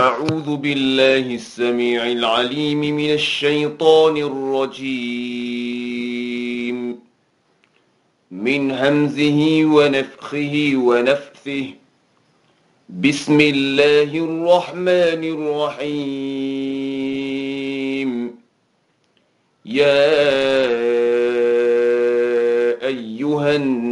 أعوذ بالله السميع العليم من الشيطان الرجيم من همزه ونفخه ونفثه بسم الله الرحمن الرحيم يا أيها الناس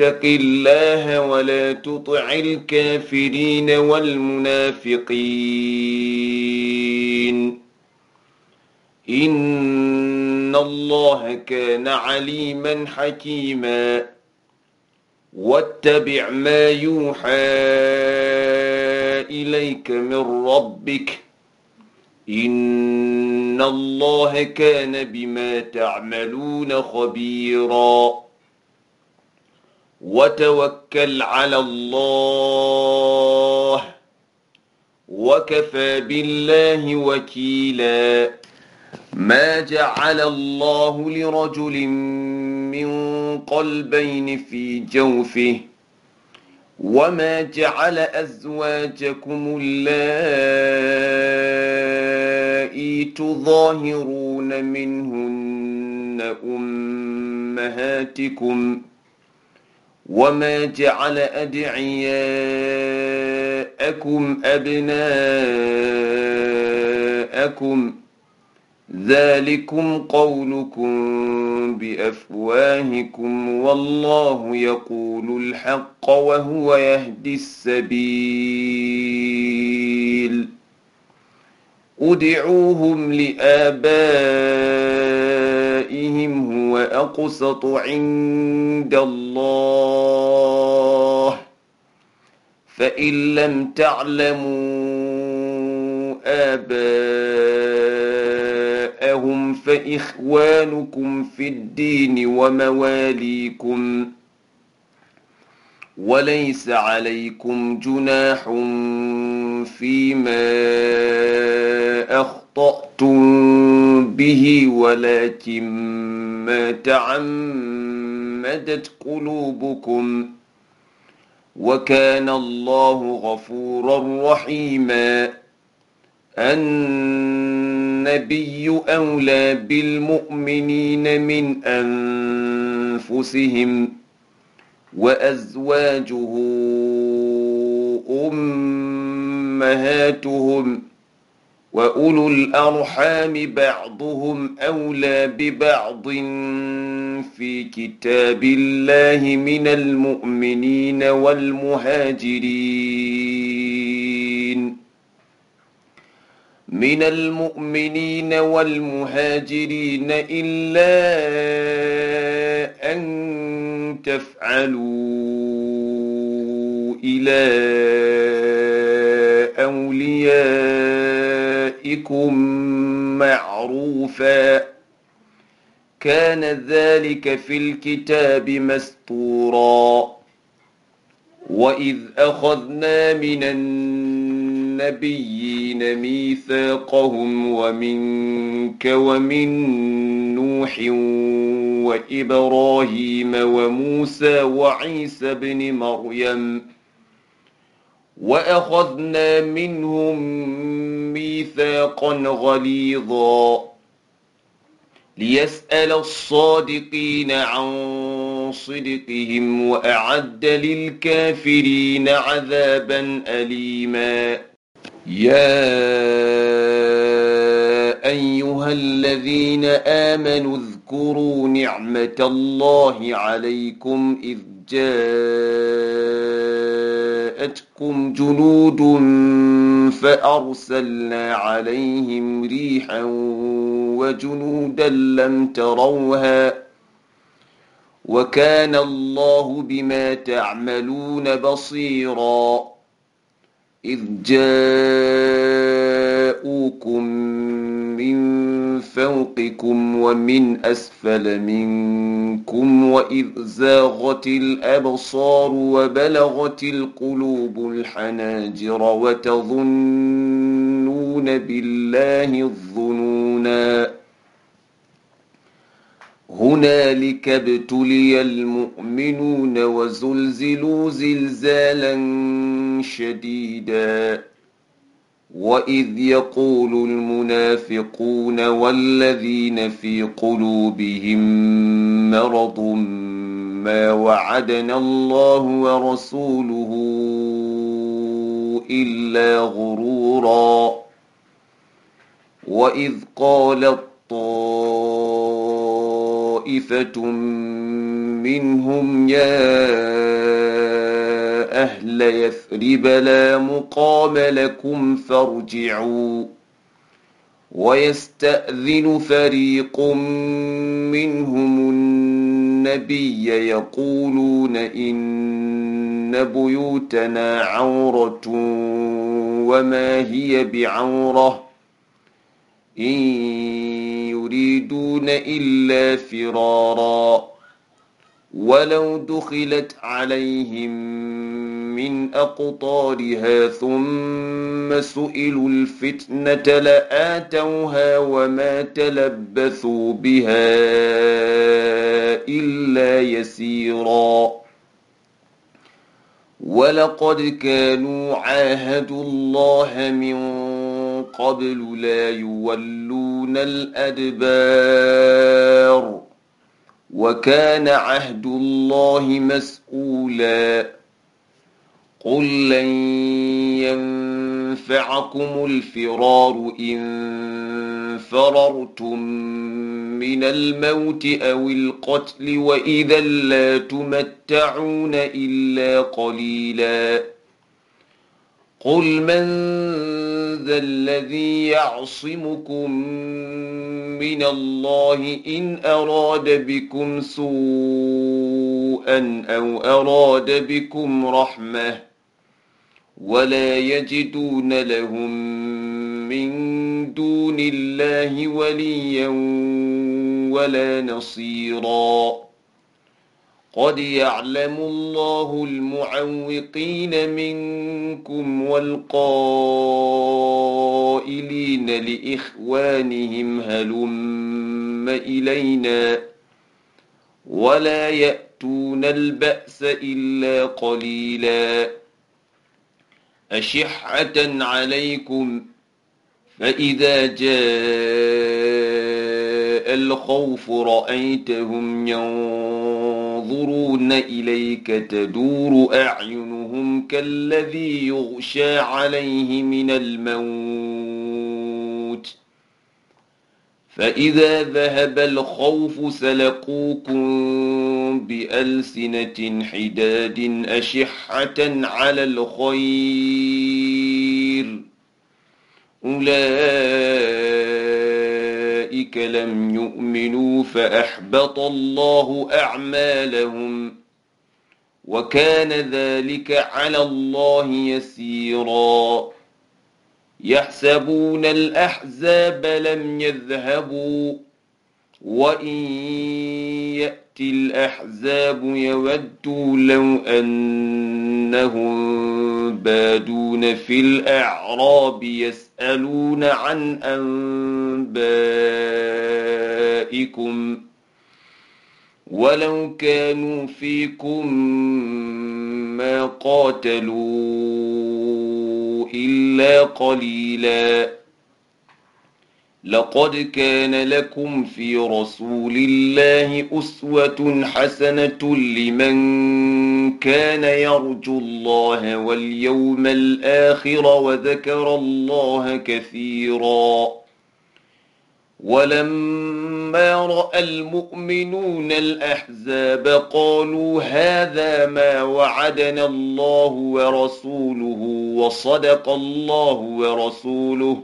اتق الله ولا تطع الكافرين والمنافقين إن الله كان عليما حكيما واتبع ما يوحى إليك من ربك إن الله كان بما تعملون خبيراً وتوكل على الله وكفى بالله وكيلا ما جعل الله لرجل من قلبين في جوفه وما جعل أزواجكم اللائي تظاهرون منهن أمهاتكم وما جعل أدعياءكم أبناءكم ذلكم قولكم بأفواهكم والله يقول الحق وهو يهدي السبيل ادعوهم لآبائهم هو أقسط عند الله فإن لم تعلموا آباءهم فإخوانكم في الدين ومواليكم وليس عليكم جناح فيما أخطأتم به ولكن ما تعمدت قلوبكم وكان الله غفورا رحيما النبي أولى بالمؤمنين من أنفسهم وأزواجه أمهاتهم وأولو الأرحام بعضهم أولى ببعض في كتاب الله من المؤمنين والمهاجرين من المؤمنين والمهاجرين إلا أن تفعلوا إلى أوليائكم معروفا كان ذلك في الكتاب مسطورا وإذ أخذنا من الناس النبيين ميثاقهم ومنك ومن نوح وإبراهيم وموسى وعيسى بن مريم وأخذنا منهم ميثاقا غليظا ليسأل الصادقين عن صدقهم وأعد للكافرين عذابا أليما يا ايها الذين امنوا اذكروا نعمه الله عليكم اذ جاءتكم جنود فارسلنا عليهم ريحا وجنودا لم تروها وكان الله بما تعملون بصيرا إذ جاءوكم من فوقكم ومن أسفل منكم وإذ زاغت الأبصار وبلغت القلوب الحناجر وتظنون بالله الظنونا هنالك ابتلي المؤمنون وزلزلوا زلزالا شديدا واذ يقول المنافقون والذين في قلوبهم مرض ما وعدنا الله ورسوله الا غرورا واذ قال الطائف طائفة منهم يا أهل يثرب لا مقام لكم فارجعوا ويستأذن فريق منهم النبي يقولون إن بيوتنا عورة وما هي بعورة إن يريدون إلا فرارا ولو دخلت عليهم من أقطارها ثم سئلوا الفتنة لآتوها وما تلبثوا بها إلا يسيراً ولقد كانوا عاهدوا الله من قبل لا يولون يولون الأدبار وكان عهد الله مسؤولا قل لن ينفعكم الفرار إن فررتم من الموت أو القتل وإذا لا تمتعون إلا قليلا قل من ذا الذي يعصمكم من الله إن أراد بكم سوءا أو أراد بكم رحمة ولا يجدون لهم من دون الله وليا ولا نصيراً قد يعلم الله المعوقين منكم والقائلين لإخوانهم هلم إلينا ولا يأتون البأس إلا قليلا أشحة عليكم فإذا جاء الخوف رأيتهم ينظرون ينظرون إليك تدور أعينهم كالذي يغشى عليه من الموت فإذا ذهب الخوف سلقوكم بألسنة حداد أشحة على الخير أولئك أولئك لم يؤمنوا فأحبط الله أعمالهم وكان ذلك على الله يسيرا يحسبون الأحزاب لم يذهبوا وإن يأتي الأحزاب يودوا لو أن إنهم بادون في الأعراب يسألون عن أنبائكم ولو كانوا فيكم ما قاتلوا إلا قليلا لقد كان لكم في رسول الله أسوة حسنة لمن كان يرجو الله واليوم الآخر وذكر الله كثيرا ولما رأى المؤمنون الأحزاب قالوا هذا ما وعدنا الله ورسوله وصدق الله ورسوله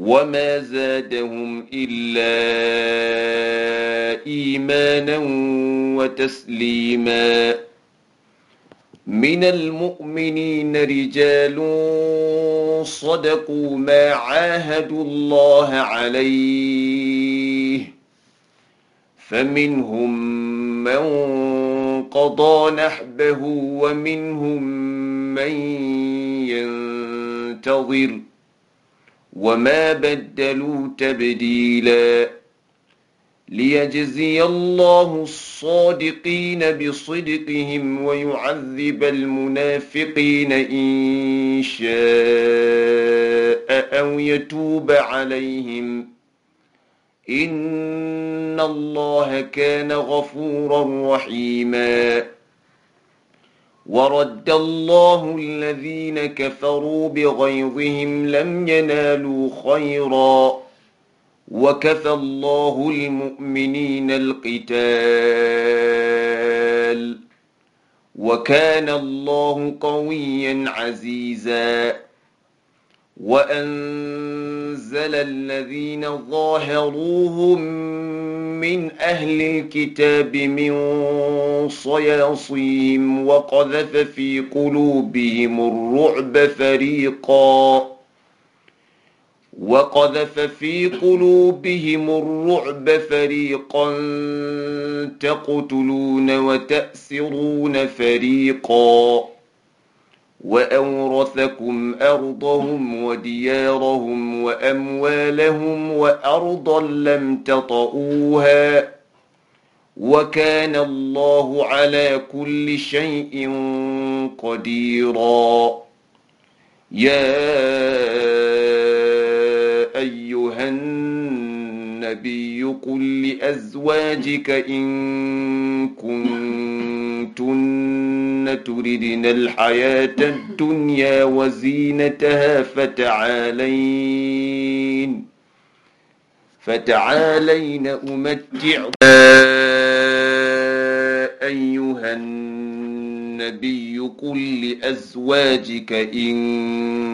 وما زادهم إلا إيمانا وتسليما من المؤمنين رجال صدقوا ما عاهدوا الله عليه فمنهم من قضى نحبه ومنهم من ينتظر وما بدلوا تبديلاً ليجزي الله الصادقين بصدقهم ويعذب المنافقين إن شاء أو يتوب عليهم إن الله كان غفورا رحيما ورد الله الذين كفروا بغيظهم لم ينالوا خيرا وكفى الله المؤمنين القتال وكان الله قويا عزيزا وانزل الذين ظاهروهم من اهل الكتاب من صياصيهم وقذف في قلوبهم الرعب فريقا وقذف في قلوبهم الرعب فريقا تقتلون وتأسرون فريقا وأورثكم أرضهم وديارهم وأموالهم وأرضا لم تطئوها وكان الله على كل شيء قديرا يا النبي قل لأزواجك إن كنتن تردن الحياة الدنيا وزينتها فتعالين فتعالين أمتع أيها النبي قل لأزواجك إن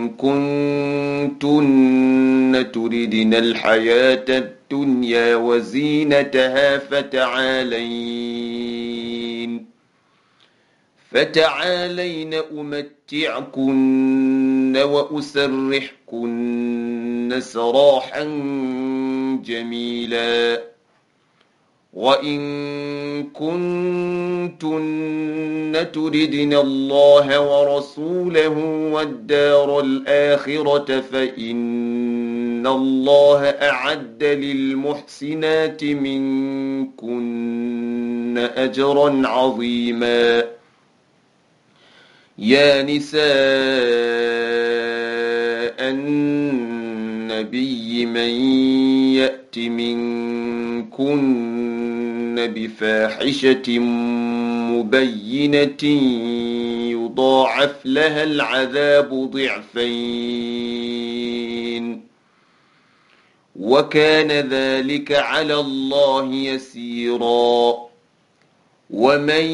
كنتن تردن الحياة الدنيا وزينتها فتعالين فتعالين أمتعكن وأسرحكن سراحا جميلا وإن كنتن تردن الله ورسوله والدار الآخرة فإن إن الله أعد للمحسنات منكن أجرا عظيما يا نساء النبي من يأت منكن بفاحشة مبينة يضاعف لها العذاب ضعفين وكان ذلك على الله يسيرا ومن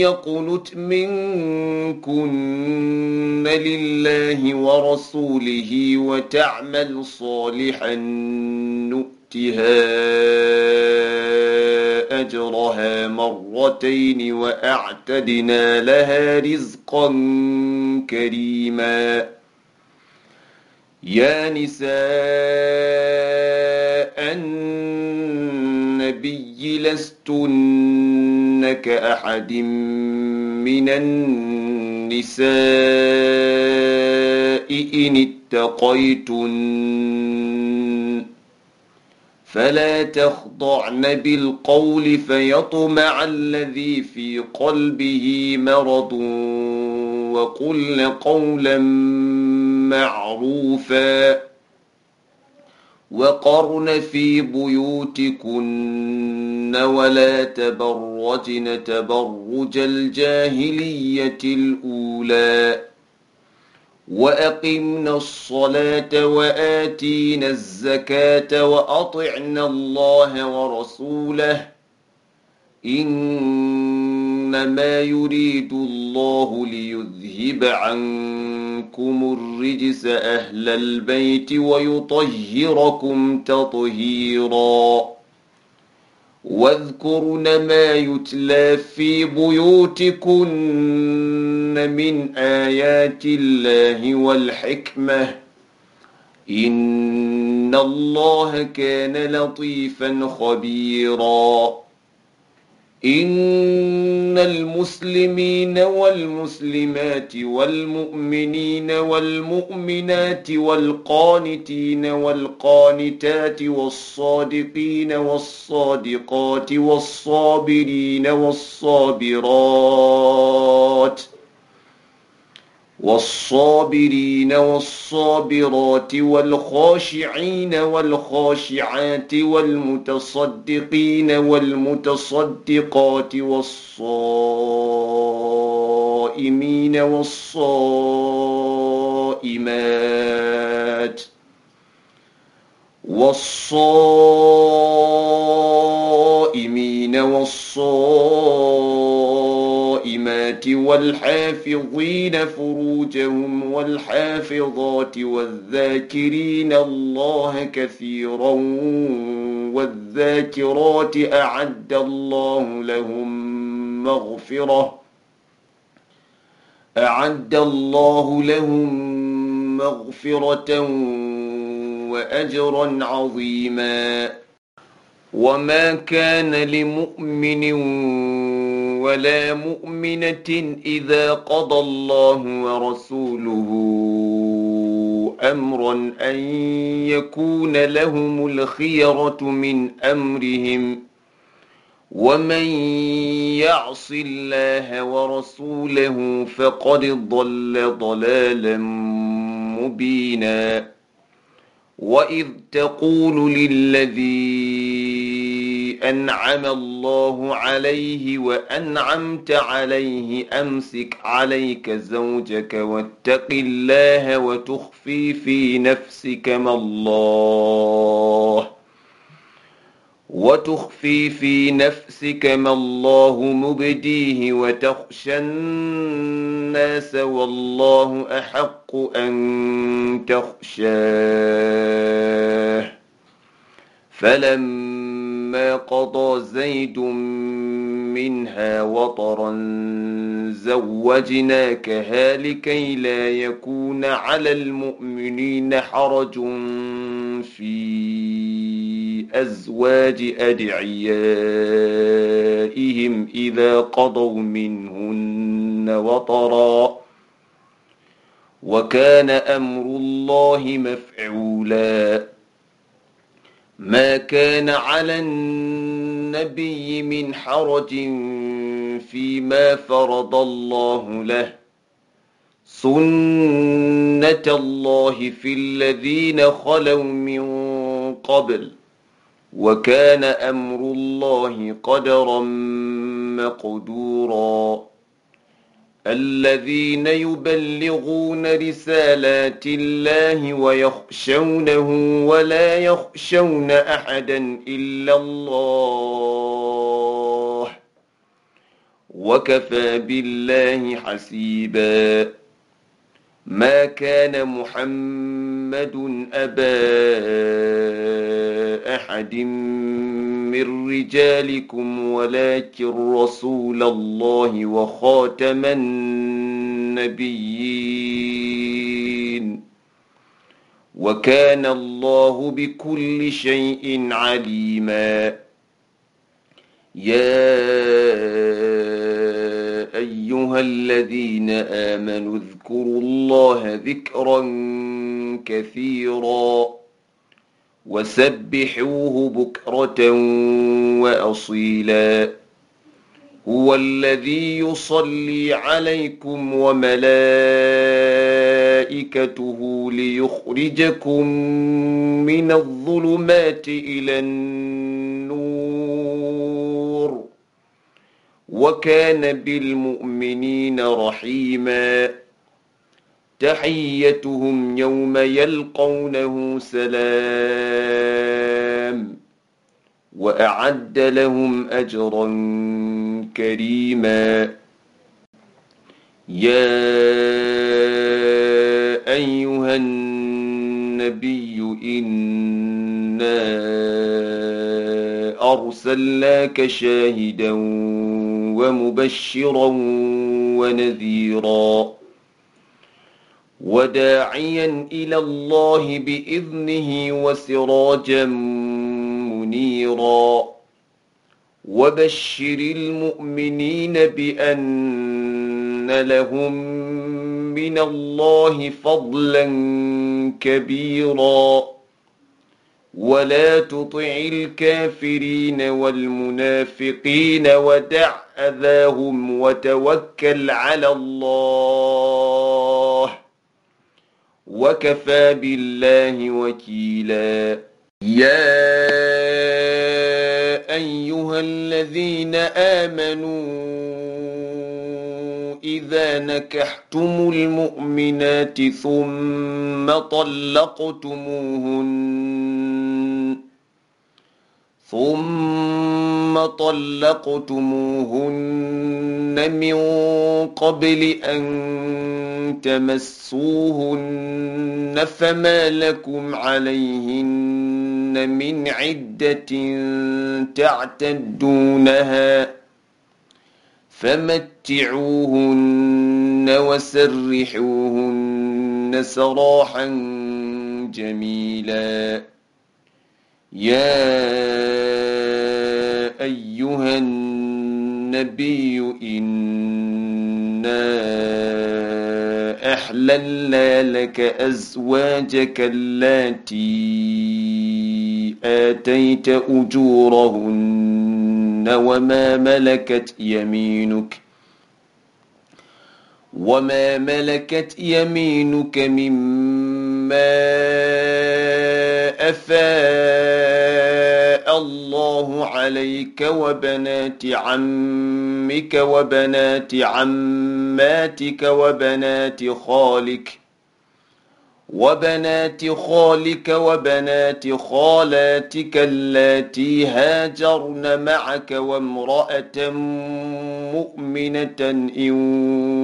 يقنت منكن لله ورسوله وتعمل صالحا نؤتها اجرها مرتين واعتدنا لها رزقا كريما يا نساء النبي لستن كأحد من النساء إن اتقيتن فلا تخضعن بالقول فيطمع الذي في قلبه مرض وقلن قولا معروفا وقرن في بيوتكن ولا تبرجن تبرج الجاهلية الأولى وأقمنا الصلاة وآتينا الزكاة وأطعنا الله ورسوله إنما يريد الله ليذهب عنك عنكم الرجس أهل البيت ويطهركم تطهيرا واذكرن ما يتلى في بيوتكن من آيات الله والحكمة إن الله كان لطيفا خبيراً إن المسلمين والمسلمات والمؤمنين والمؤمنات والقانتين والقانتات والصادقين والصادقات والصابرين والصابرات والصابرين والصابرات والخاشعين والخاشعات والمتصدقين والمتصدقات والصائمين والصائمات والصائمين والصائمات والحافظين فروجهم والحافظات والذاكرين الله كثيرا والذاكرات أعد الله لهم مغفرة أعد الله لهم مغفرة وأجرا عظيما وما كان لمؤمن ولا مؤمنة إذا قضى الله ورسوله أمرا أن يكون لهم الخيرة من أمرهم ومن يعص الله ورسوله فقد ضل ضلالا مبينا وإذ تقول للذين أنعم الله عليه وأنعمت عليه أمسك عليك زوجك واتق الله وتخفي في نفسك ما الله وتخفي في نفسك ما الله مبديه وتخشى الناس والله أحق أن تخشاه فلما ما قضى زيد منها وطرا زوجناكها لكي لا يكون على المؤمنين حرج في أزواج أدعيائهم إذا قضوا منهن وطرا وكان أمر الله مفعولا ما كان على النبي من حرج فيما فرض الله له سنة الله في الذين خلوا من قبل وكان أمر الله قدرا مقدورا الذين يبلغون رسالات الله ويخشونه ولا يخشون احدا الا الله وكفى بالله حسيبا ما كان محمد أبا أحد من رجالكم ولكن رسول الله وخاتم النبيين وكان الله بكل شيء عليما يا أيها الذين آمنوا اذكروا الله ذكرا كثيرا وسبحوه بكرة وأصيلا هو الذي يصلي عليكم وملائكته ليخرجكم من الظلمات إلى النار وكان بالمؤمنين رحيما تحيتهم يوم يلقونه سلام واعد لهم اجرا كريما يا ايها النبي انا ارسلناك شاهدا ومبشرا ونذيرا وداعيا الى الله باذنه وسراجا منيرا وبشر المؤمنين بان لهم من الله فضلا كبيرا ولا تطع الكافرين والمنافقين ودع أذاهم وتوكل على الله وكفى بالله وكيلا يا أيها الذين آمنوا إذا نكحتم المؤمنات ثم طلقتموهن ثم طلقتموهن من قبل أن تمسوهن فما لكم عليهن من عدة تعتدونها فمت ومتعوهن وسرحوهن سراحا جميلا يا ايها النبي انا احللنا لك ازواجك اللاتي اتيت اجورهن وما ملكت يمينك وما ملكت يمينك مما أفاء الله عليك وبنات عمك وبنات عماتك وبنات خالك وبنات خالك وبنات خالاتك اللاتي هاجرن معك وامرأة مؤمنة إن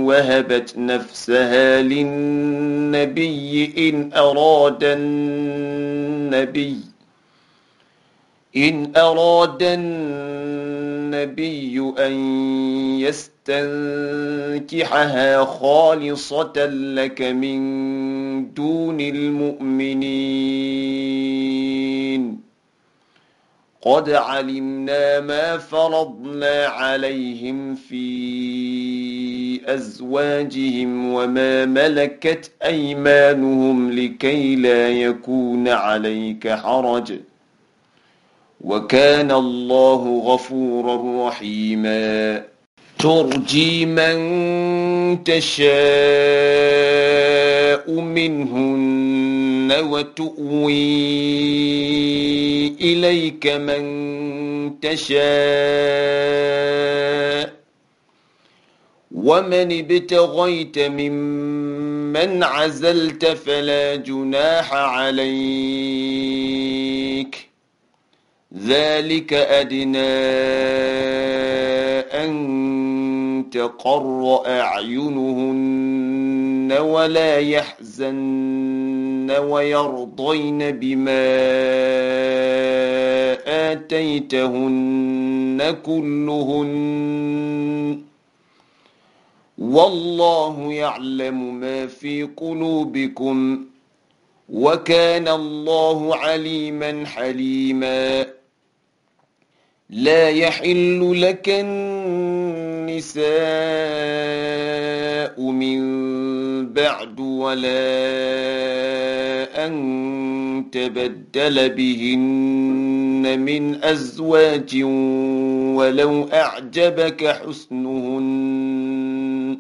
وهبت نفسها للنبي إن أراد النبي إن أراد النبي أن يست تنكحها خالصة لك من دون المؤمنين قد علمنا ما فرضنا عليهم في أزواجهم وما ملكت أيمانهم لكي لا يكون عليك حرج وكان الله غفورا رحيماً ترجي من تشاء منهن وتؤوي إليك من تشاء ومن ابتغيت ممن عزلت فلا جناح عليك ذلك أدنى أن تقر أعينهن ولا يحزن ويرضين بما آتيتهن كلهن والله يعلم ما في قلوبكم وكان الله عليما حليما لا يحل لك النساء من بعد ولا أن تبدل بهن من أزواج ولو أعجبك حسنهن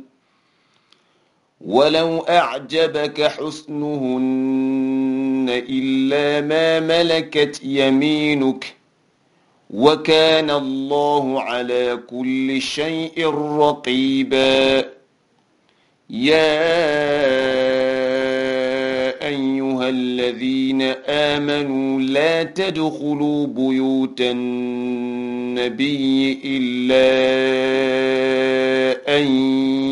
ولو أعجبك حسنهن إلا ما ملكت يمينك ۖ وكان الله على كل شيء رقيبا يا ايها الذين امنوا لا تدخلوا بيوت النبي الا ان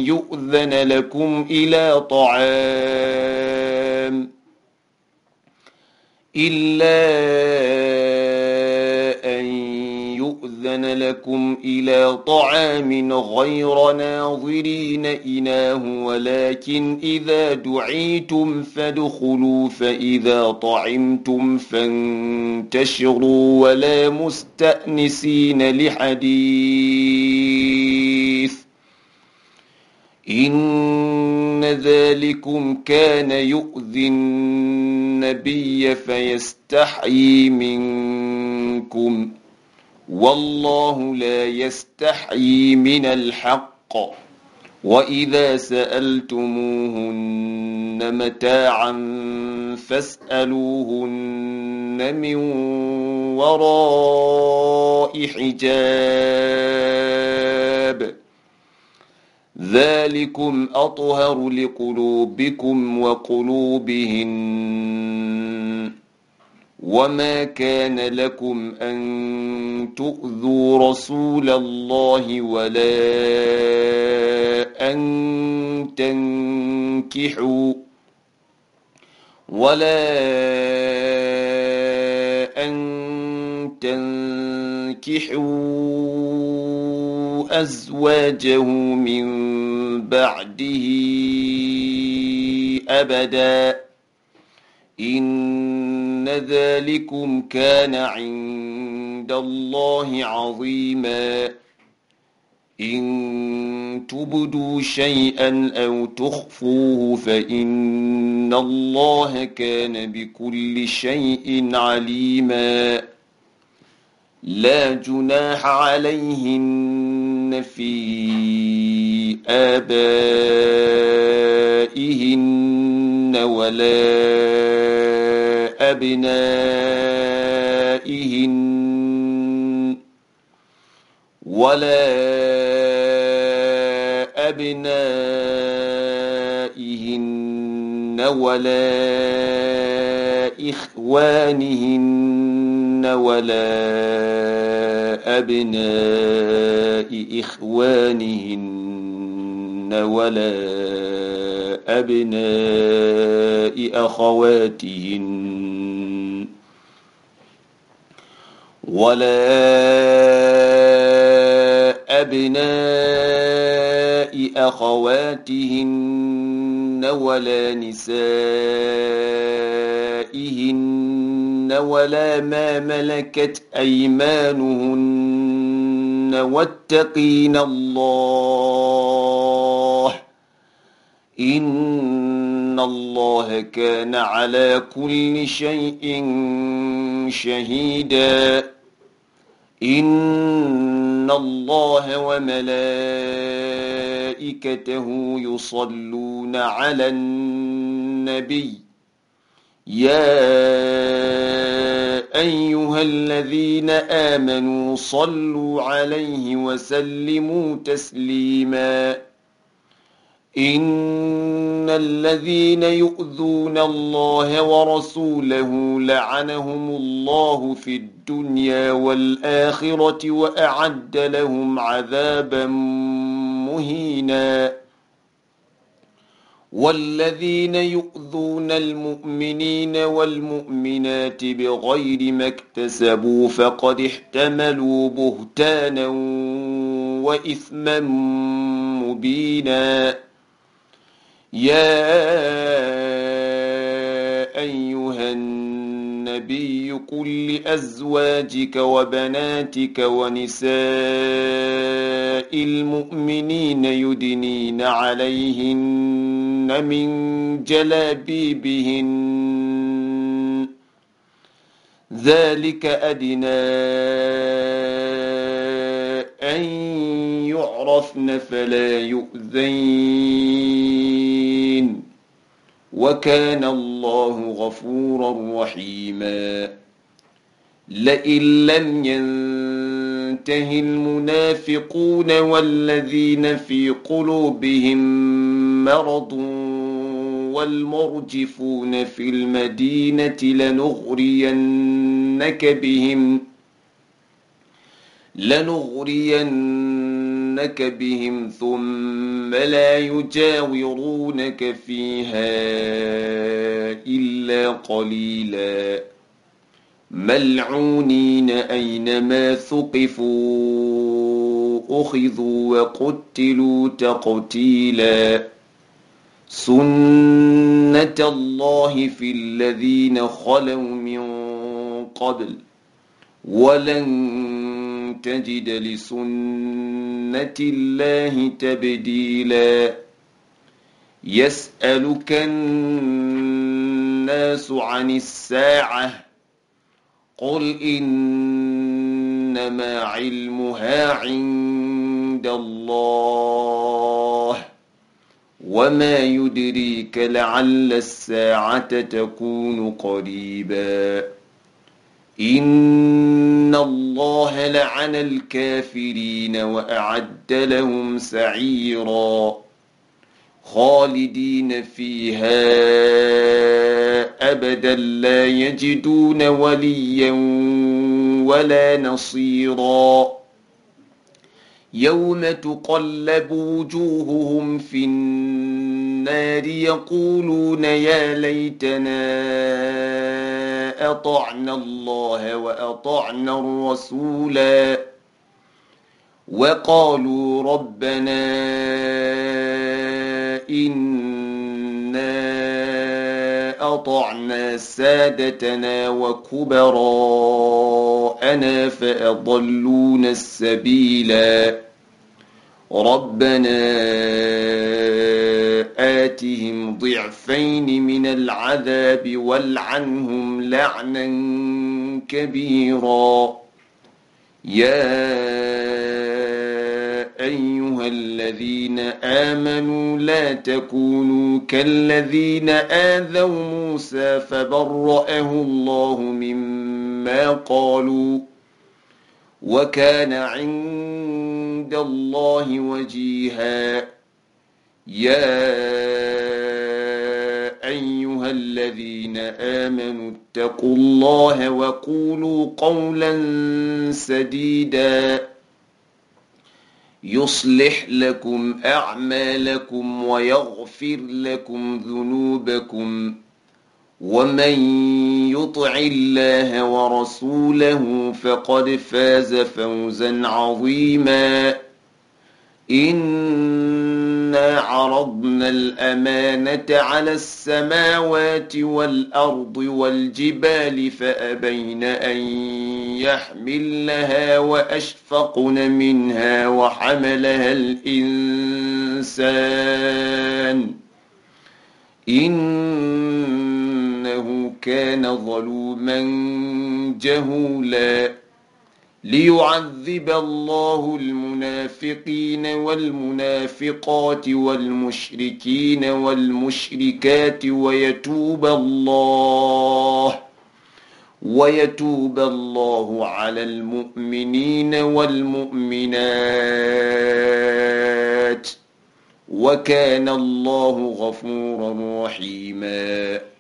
يؤذن لكم الى طعام الا كان لكم إلى طعام غير ناظرين إناه ولكن إذا دعيتم فادخلوا فإذا طعمتم فانتشروا ولا مستأنسين لحديث إن ذلكم كان يؤذي النبي فيستحيي منكم ۖ والله لا يستحيي من الحق واذا سالتموهن متاعا فاسالوهن من وراء حجاب ذلكم اطهر لقلوبكم وقلوبهن وما كان لكم أن تؤذوا رسول الله ولا أن تنكحوا ولا أن تنكحوا أزواجه من بعده أبداً إن ذلكم كان عند الله عظيما إن تبدوا شيئا أو تخفوه فإن الله كان بكل شيء عليما لا جناح عليهن في آبائهن ولا أبنائهن ولا أبنائهن ولا إخوانهن ولا أبناء إخوانهن ولا أبناء أخواتهن ولا أبناء أخواتهن ولا نسائهن ولا ما ملكت أيمانهن واتقين الله ان الله كان على كل شيء شهيدا ان الله وملائكته يصلون على النبي يا ايها الذين امنوا صلوا عليه وسلموا تسليما إن الذين يؤذون الله ورسوله لعنهم الله في الدنيا والآخرة وأعد لهم عذابا مهينا والذين يؤذون المؤمنين والمؤمنات بغير ما اكتسبوا فقد احتملوا بهتانا وإثما مبينا يا أيها النبي قل لأزواجك وبناتك ونساء المؤمنين يدنين عليهن من جلابيبهن ذلك أدنى أن يعرفن فلا يؤذين المؤمنين وكان الله غفورا رحيما لئن لم ينته المنافقون والذين في قلوبهم مرض والمرجفون في المدينة لنغرينك بهم لنغرينك يجاورونك بهم ثم لا يجاورونك فيها إلا قليلا ملعونين أينما ثقفوا أخذوا وقتلوا تقتيلا سنة الله في الذين خلوا من قبل ولن تجد لسنة سنة الله تبديلا يسألك الناس عن الساعة قل إنما علمها عند الله وما يدريك لعل الساعة تكون قريباً إن الله لعن الكافرين وأعد لهم سعيرا خالدين فيها أبدا لا يجدون وليا ولا نصيرا يوم تقلب وجوههم في النار النار يقولون يا ليتنا أطعنا الله وأطعنا الرسولا وقالوا ربنا إنا أطعنا سادتنا وكبراءنا فأضلونا السبيلا ربنا آتهم ضعفين من العذاب والعنهم لعنا كبيرا يا أيها الذين آمنوا لا تكونوا كالذين آذوا موسى فبرأه الله مما قالوا وكان عند الله وجيهاً يا ايها الذين امنوا اتقوا الله وقولوا قولا سديدا يصلح لكم اعمالكم ويغفر لكم ذنوبكم ومن يطع الله ورسوله فقد فاز فوزا عظيما إن إنا عرضنا الأمانة على السماوات والأرض والجبال فأبين أن يحملنها وأشفقن منها وحملها الإنسان إنه كان ظلوما جهولاً ليعذب الله المنافقين والمنافقات والمشركين والمشركات ويتوب الله ويتوب الله على المؤمنين والمؤمنات وكان الله غفورا رحيما